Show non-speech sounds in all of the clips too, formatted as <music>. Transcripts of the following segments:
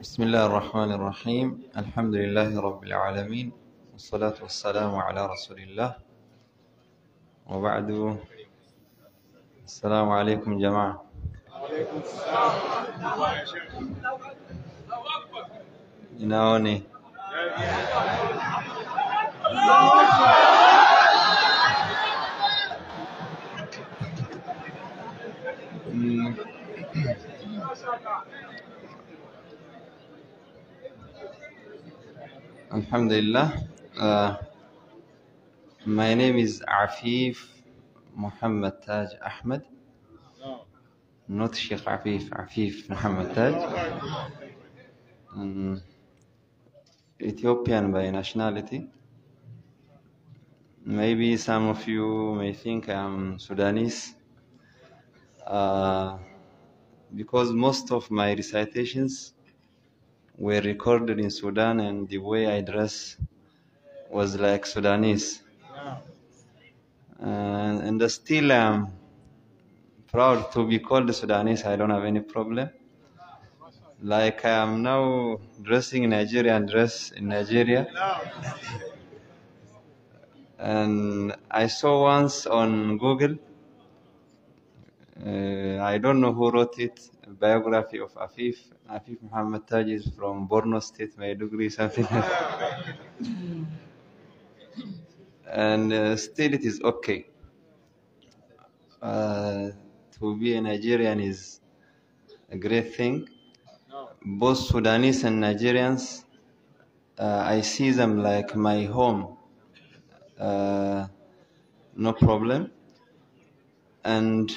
بسم الله الرحمن الرحيم الحمد لله رب العالمين والصلاة والسلام على رسول الله وبعد السلام عليكم جماعة وعليكم السلام ورحمة الله يا يناوني Alhamdulillah. Uh, my name is Afif Muhammad Taj Ahmed. Not Sheikh Afif, Afif Muhammad Taj. Um, Ethiopian by nationality. Maybe some of you may think I'm Sudanese. Uh, because most of my recitations were recorded in Sudan, and the way I dress was like Sudanese. Uh, and I still am proud to be called Sudanese. I don't have any problem. Like I am now dressing in Nigerian dress in Nigeria. and I saw once on Google. Uh, I don't know who wrote it biography of Afif. Afif Muhammad Taj is from Borno State, Maiduguri, something <laughs> and uh, still it is okay. Uh, to be a Nigerian is a great thing. Both Sudanese and Nigerians, uh, I see them like my home. Uh, no problem. And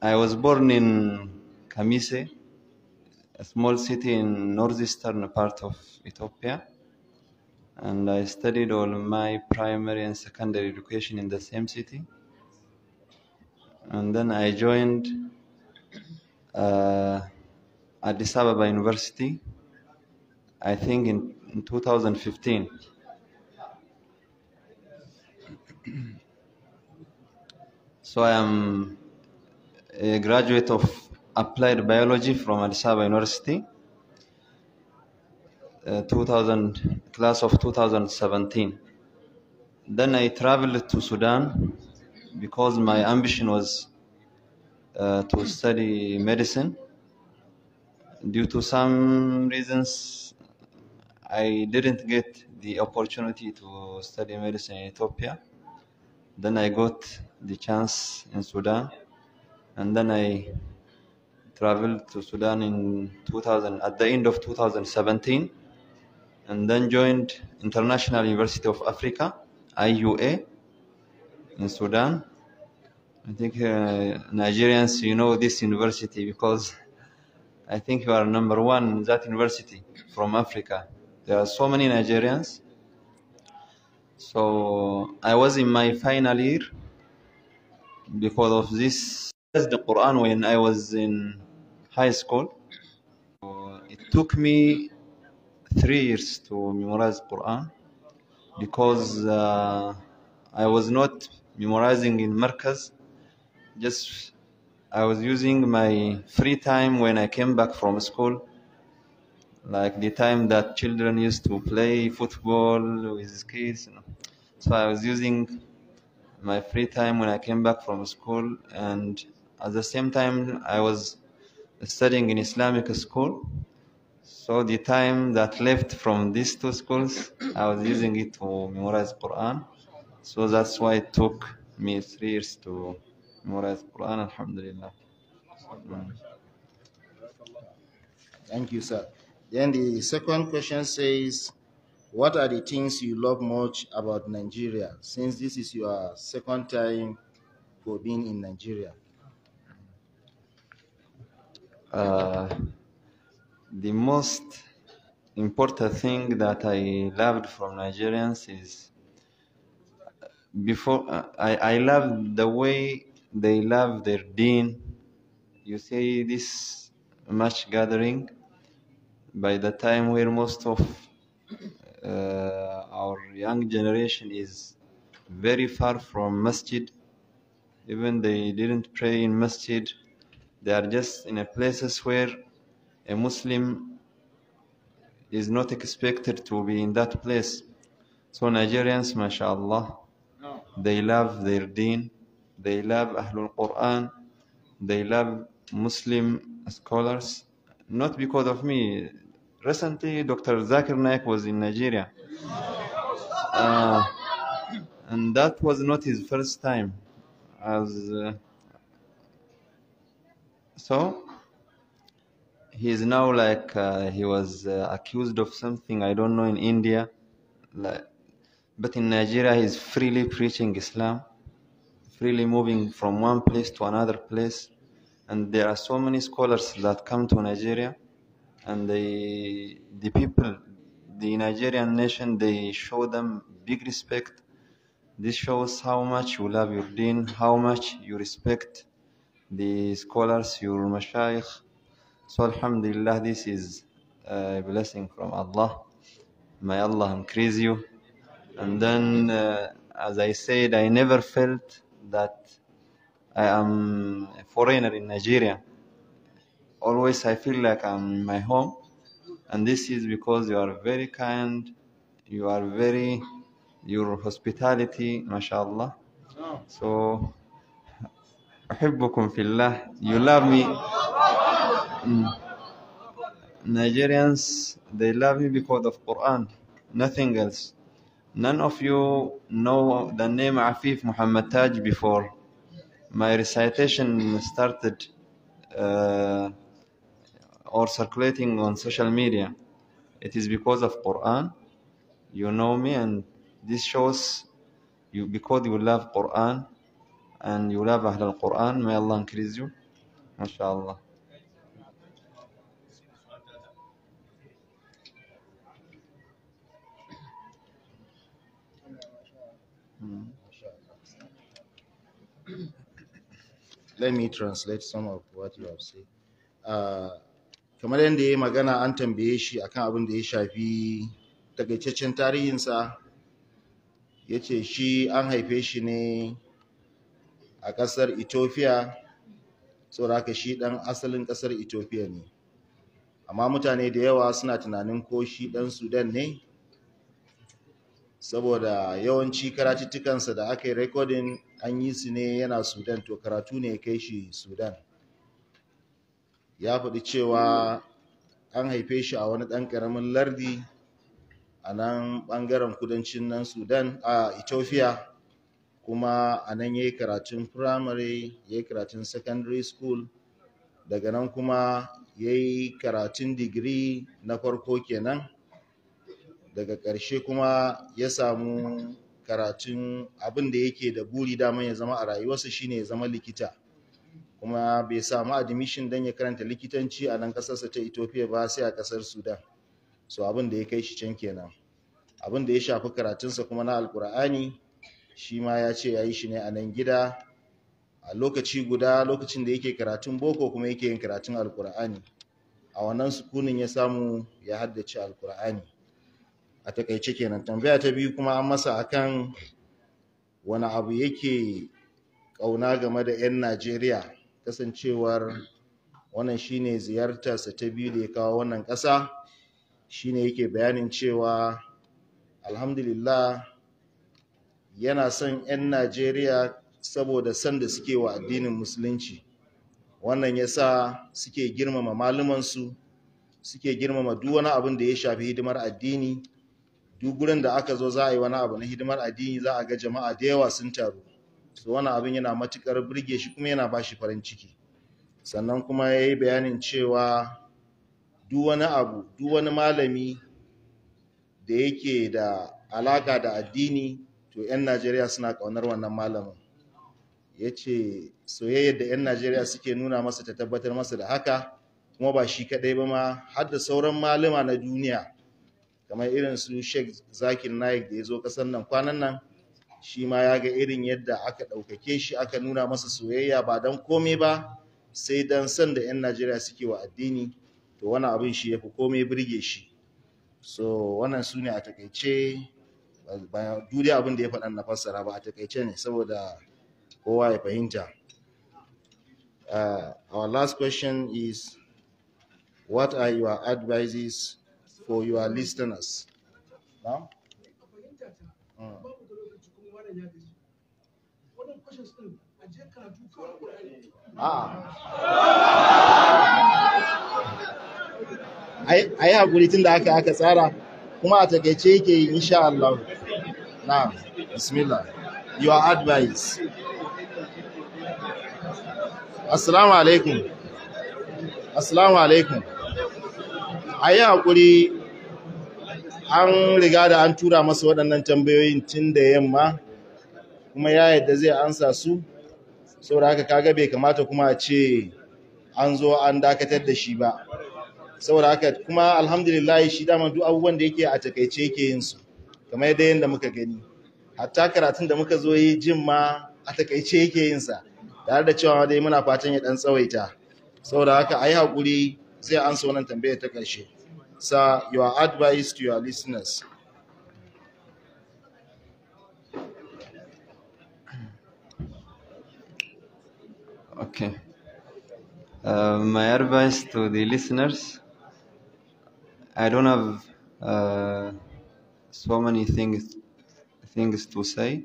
I was born in Kamise, a small city in northeastern part of Ethiopia, and I studied all my primary and secondary education in the same city. And then I joined uh, Addis Ababa University, I think in, in 2015. so I am a graduate of applied biology from Addis Ababa University, uh, 2000 class of 2017. Then I traveled to Sudan because my ambition was uh, to study medicine. Due to some reasons, I didn't get the opportunity to study medicine in Ethiopia. Then I got the chance in Sudan and then I traveled to Sudan in 2000 at the end of 2017 and then joined International University of Africa IUA in Sudan I think uh, Nigerians you know this university because I think you are number one in that university from Africa there are so many Nigerians so I was in my final year because of this memorized the Quran when I was in high school. It took me three years to memorize Quran because uh, I was not memorizing in Markaz. Just I was using my free time when I came back from school, like the time that children used to play football with kids. You know. So I was using my free time when I came back from school and at the same time I was studying in Islamic school. So the time that left from these two schools, I was using it to memorize Quran. So that's why it took me three years to memorize Quran. Alhamdulillah. Mm. Thank you, sir. Then the second question says, what are the things you love much about Nigeria? Since this is your second time for being in Nigeria. Uh, the most important thing that I loved from Nigerians is before uh, I, I love the way they love their dean. You see this much gathering by the time where most of uh, our young generation is very far from masjid. Even they didn't pray in masjid they are just in a places where a Muslim is not expected to be in that place. So Nigerians, mashallah, they love their deen, they love Ahlul Quran, they love Muslim scholars. Not because of me. Recently, Dr. Zakir Naik was in Nigeria. Uh, and that was not his first time as uh, so he is now like uh, he was uh, accused of something I don't know in India, like, but in Nigeria he's freely preaching Islam, freely moving from one place to another place, and there are so many scholars that come to Nigeria, and they the people, the Nigerian nation, they show them big respect. This shows how much you love your deen, how much you respect the scholars, your mashayikh. So alhamdulillah, this is a blessing from Allah. May Allah increase you. And then, uh, as I said, I never felt that I am a foreigner in Nigeria. Always I feel like I'm in my home. And this is because you are very kind, you are very, your hospitality, mashallah. So أحبكم في الله you love me mm. Nigerians they love me because of Quran nothing else none of you know the name Afif Muhammad Taj before my recitation started uh, or circulating on social media it is because of Quran you know me and this shows you because you love Quran أن يلابى أهل القرآن ما يلا إنكليزيو ما شاء الله Let me translate some of what you have said. Uh, kamar yadda ya yi magana an tambaye shi a kan abin da ya shafi takaitaccen tarihinsa ya ce shi an haife shi ne a ƙasar Ethiopia tsoraka shi ɗan asalin ƙasar Ethiopia ne amma mutane da yawa suna tunanin ko shi ɗan Sudan ne saboda yawanci karatuttukansa da aka yi rekodin an yi su ne yana Sudan to karatu ne kai shi Sudan ya faɗi cewa an haife shi a wani ɗan ƙaramin lardi a nan ɓangaren kudancin nan Sudan a Ethiopia kuma a nan ya yi karatun firamare ya yi karatun secondary school daga nan kuma ya yi karatun digiri na farko kenan daga ƙarshe kuma ya samu karatun abinda da yake da buri daman ya zama a rayuwarsa shine ya zama likita kuma bai samu admission don ya karanta likitanci a nan ƙasarsa ta ethiopia ba sai a ƙasar sudan so abin ya kai shi can kenan abin da ya shafi karatunsa kuma na alkur'ani shi ma ya ce ya yi shi ne a nan gida a lokaci guda lokacin da yake karatun boko kuma yake yin karatun alkur'ani a wannan sukunin ya samu ya haddace alkur'ani a takaice kenan tambaya ta biyu kuma an masa akan wani abu yake ƙauna game da 'yan najeriya kasancewar wannan shine ziyartarsa ta biyu da ya kawo wannan ƙasa shine yake bayanin cewa alhamdulillah yana son 'yan najeriya saboda son da suke wa addinin musulunci wannan ya sa suke girmama malumansu suke girmama duk wani abin da ya shafi hidimar addini duk gurin da aka zo za a yi wani abu na hidimar addini za a ga jama'a da yawa sun taru so wani abin yana matukar burge shi kuma yana ba shi farin ciki sannan kuma ya yi bayanin cewa duk wani abu duk wani malami da yake da alaka da addini to 'yan najeriya suna ƙaunar wannan malamin ya ce soyayyar da 'yan najeriya suke nuna masa ta tabbatar masa da haka kuma ba shi kaɗai ba ma har da sauran malama na duniya kamar irin su shek zakin naik da ya zo ƙasar nan kwanan nan shi ma ya ga irin yadda aka ɗaukake shi aka nuna masa soyayya ba don komai ba sai don san da 'yan najeriya suke wa addini to wani abin shi ya fi komai birge shi so wannan su ne a takaice bayan duniya abin da ya faɗa na fassara ba a takaice ne saboda kowa ya fahimta uh, our last question is what are your advices for your listeners I, a yi haƙuri tun da aka aka tsara kuma a takaice yake yi insha Allah na bismillah your advice assalamu alaikum assalamu alaikum a yi haƙuri an riga da an tura masa waɗannan tambayoyin tun da yamma kuma ya yadda zai ansa su saboda haka kaga bai kamata kuma a ce an zo an dakatar da shi ba saboda haka kuma alhamdulillah shi dama duk abubuwan da yake a takaice yake yin su kamar yadda yanda muka gani hatta karatun da muka zo yi jin ma a takaice yake yin sa tare da cewa dai muna fatan ya dan tsawaita saboda haka ayi hakuri zai ansa wannan tambaya ta karshe sa your advice to your listeners okay Uh, my advice to the listeners I don't have uh, so many things things to say,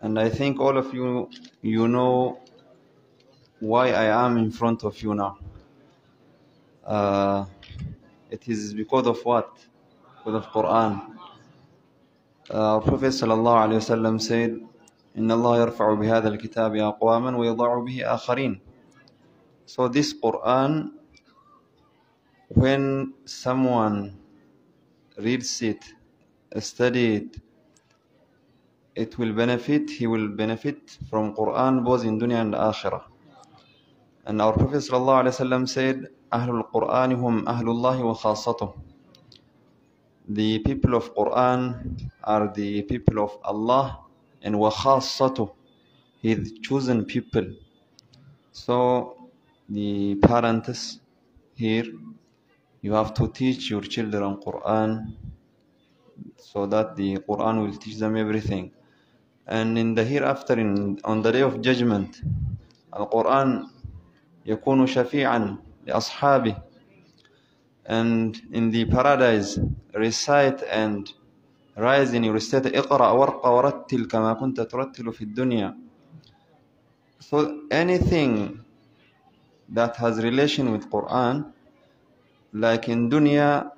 and I think all of you you know why I am in front of you now. Uh, it is because of what? Because of Quran. Uh, Prophet sallallahu alaihi wasallam said, "Inna Allah yarfa'u bihadha al-kitab aqwaman wa yadha'u bihi akharin." So this Quran when someone reads it, study it, it will benefit, he will benefit from Quran both in dunya and akhirah. And our Prophet said, Ahlul Quran hum ahlullahi wa khasatuh. The people of Quran are the people of Allah and wa khasatuh, his chosen people. So the parenthesis here you have to teach your children Quran so that the Quran will teach them everything and in the hereafter in, on the day of judgment Quran يكون شفيعا لأصحابه and in the paradise recite and rise in your state اقرأ وارقى ورتل كما كنت ترتل في الدنيا so anything that has relation with Quran like in dunya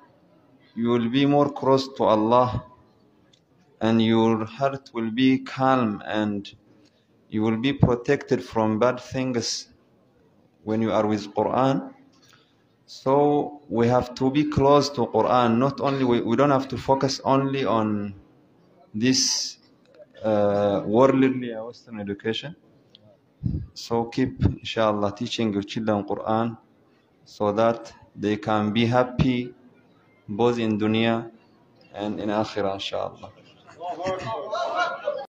you will be more close to Allah and your heart will be calm and you will be protected from bad things when you are with Quran so we have to be close to Quran not only we, we don't have to focus only on this uh, worldly western education so keep inshallah teaching your children Quran so that they can be happy both in dunya and in akhirah inshallah